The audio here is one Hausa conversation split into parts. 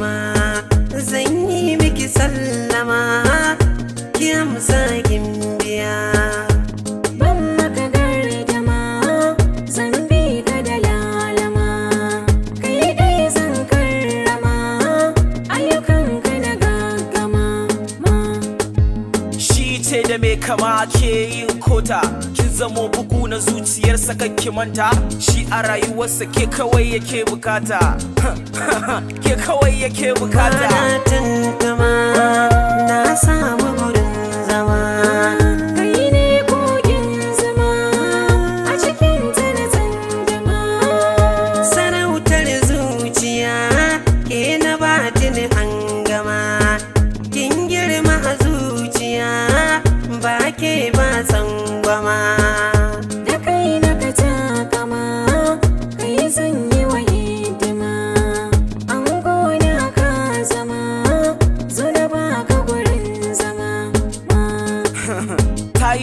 ma zan yi miki sallama ki amsa kin biya kama ke yin kota ki zamo bugu na zuciyar sakakki manta shi a rayuwarsa ke kawai yake bukata ke kawai yake bukata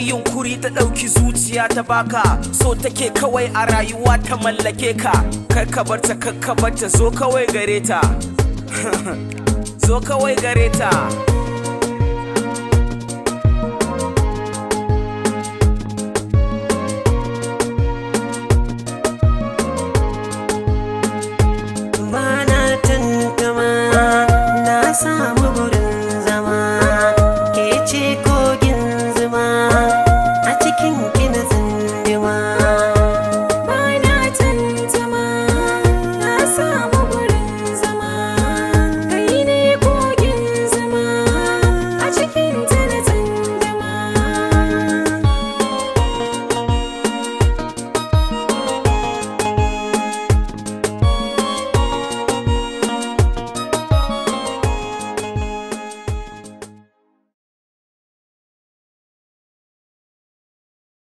yi yunkuri ta ɗauki zuciya ta baka so take kawai a rayuwa ta mallake ka kakkabar ta kakkabar ta zo kawai gare ta zo kawai gare ta samu gurin zama ke ce ko